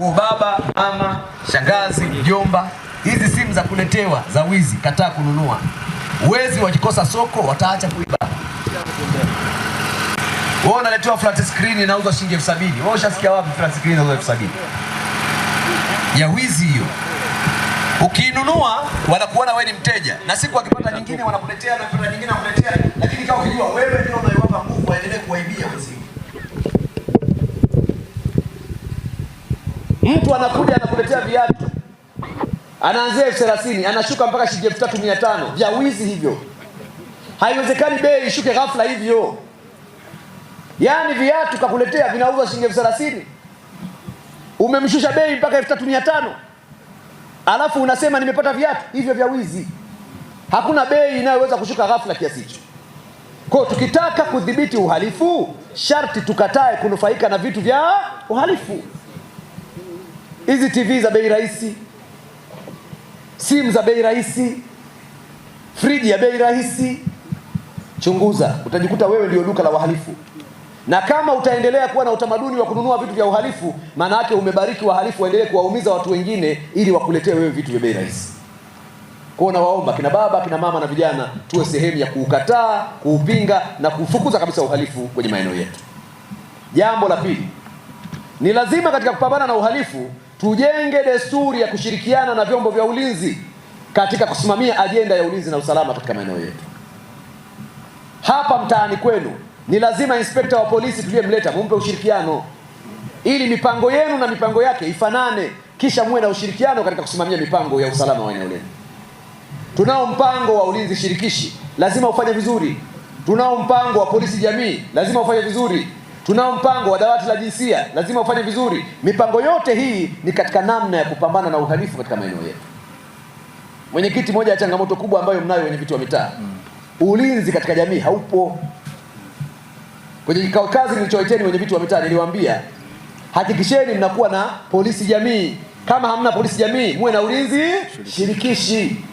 ubaba, ama shangazi, mjomba. Hizi simu za kuletewa za wizi, kataa kununua. Wezi wakikosa soko wataacha kuiba. Wewe unaletewa flat screen inauzwa shilingi elfu sabini. Wewe ushasikia wapi flat screen inauzwa elfu sabini? Ya wizi hiyo. Ukiinunua wanakuona wewe ni mteja, na siku akipata nyingine wanakuletea na kupata nyingine wanakuletea, lakini kama ukijua wewe ndio unayowapa nguvu Mtu anakuja anakuletea viatu anaanzia elfu thelathini anashuka mpaka shilingi elfu tatu mia tano vya wizi hivyo. Haiwezekani bei ishuke ghafla hivyo. Yaani viatu kakuletea vinauzwa shilingi elfu thelathini umemshusha bei mpaka elfu tatu mia tano alafu unasema nimepata viatu hivyo vya wizi. Hakuna bei inayoweza kushuka ghafla kiasi hicho. Kwa tukitaka kudhibiti uhalifu, sharti tukatae kunufaika na vitu vya uhalifu hizi TV za bei rahisi, simu za bei rahisi, friji ya bei rahisi. Chunguza, utajikuta wewe ndio duka la wahalifu. Na kama utaendelea kuwa na utamaduni wa kununua vitu vya uhalifu, maana yake umebariki wahalifu waendelee kuwaumiza watu wengine ili wakuletee wewe vitu vya bei rahisi. Kwa nawaomba kina baba, kina mama na vijana, tuwe sehemu ya kuukataa, kuupinga na kufukuza kabisa uhalifu kwenye maeneo yetu. Jambo la pili, ni lazima katika kupambana na uhalifu tujenge desturi ya kushirikiana na vyombo vya ulinzi katika kusimamia ajenda ya ulinzi na usalama katika maeneo yetu. Hapa mtaani kwenu ni lazima inspekta wa polisi tuliyemleta mumpe ushirikiano ili mipango yenu na mipango yake ifanane, kisha muwe na ushirikiano katika kusimamia mipango ya usalama wa eneo lenu. Tunao mpango wa ulinzi shirikishi, lazima ufanye vizuri. Tunao mpango wa polisi jamii, lazima ufanye vizuri. Tunao mpango wa dawati la jinsia, lazima ufanye vizuri. Mipango yote hii ni katika namna ya kupambana na uhalifu katika maeneo yetu. Mwenyekiti, moja ya changamoto kubwa ambayo mnayo wenye viti wa mitaa, ulinzi katika jamii haupo. Kwenye kikao kazi nilichoiteni wenye viti wa mitaa, niliwaambia hakikisheni mnakuwa na polisi jamii. Kama hamna polisi jamii, muwe na ulinzi shirikishi.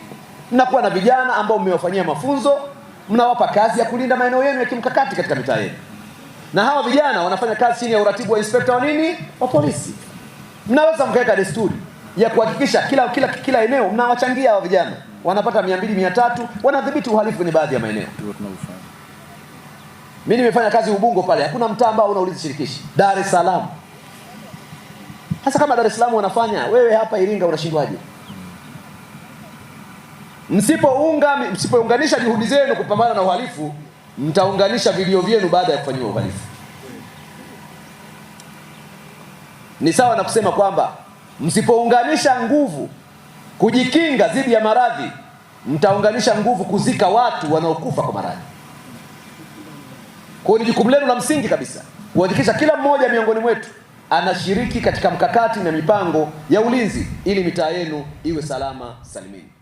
Mnakuwa na vijana ambao mmewafanyia mafunzo, mnawapa kazi ya kulinda maeneo yenu ya kimkakati katika mitaa yenu na hawa vijana wanafanya kazi chini ya uratibu wa inspekta wa nini wa polisi. Mnaweza mkaweka desturi ya kuhakikisha kila kila kila eneo mnawachangia hawa vijana, wanapata mia mbili mia tatu wanadhibiti uhalifu kwenye baadhi ya maeneo. Mimi nimefanya kazi Ubungo pale, hakuna mtaa ambao unaulizi shirikishi. Dar es Salaam hasa kama Dar es Salaam wanafanya, wewe hapa Iringa unashindwaje? Msipounga, msipounganisha juhudi zenu kupambana na uhalifu mtaunganisha vilio vyenu baada ya kufanyiwa uhalifu. Ni sawa na kusema kwamba msipounganisha nguvu kujikinga dhidi ya maradhi, mtaunganisha nguvu kuzika watu wanaokufa kwa maradhi. Kwa hiyo ni jukumu lenu la msingi kabisa kuhakikisha kila mmoja miongoni mwetu anashiriki katika mkakati na mipango ya ulinzi ili mitaa yenu iwe salama salimini.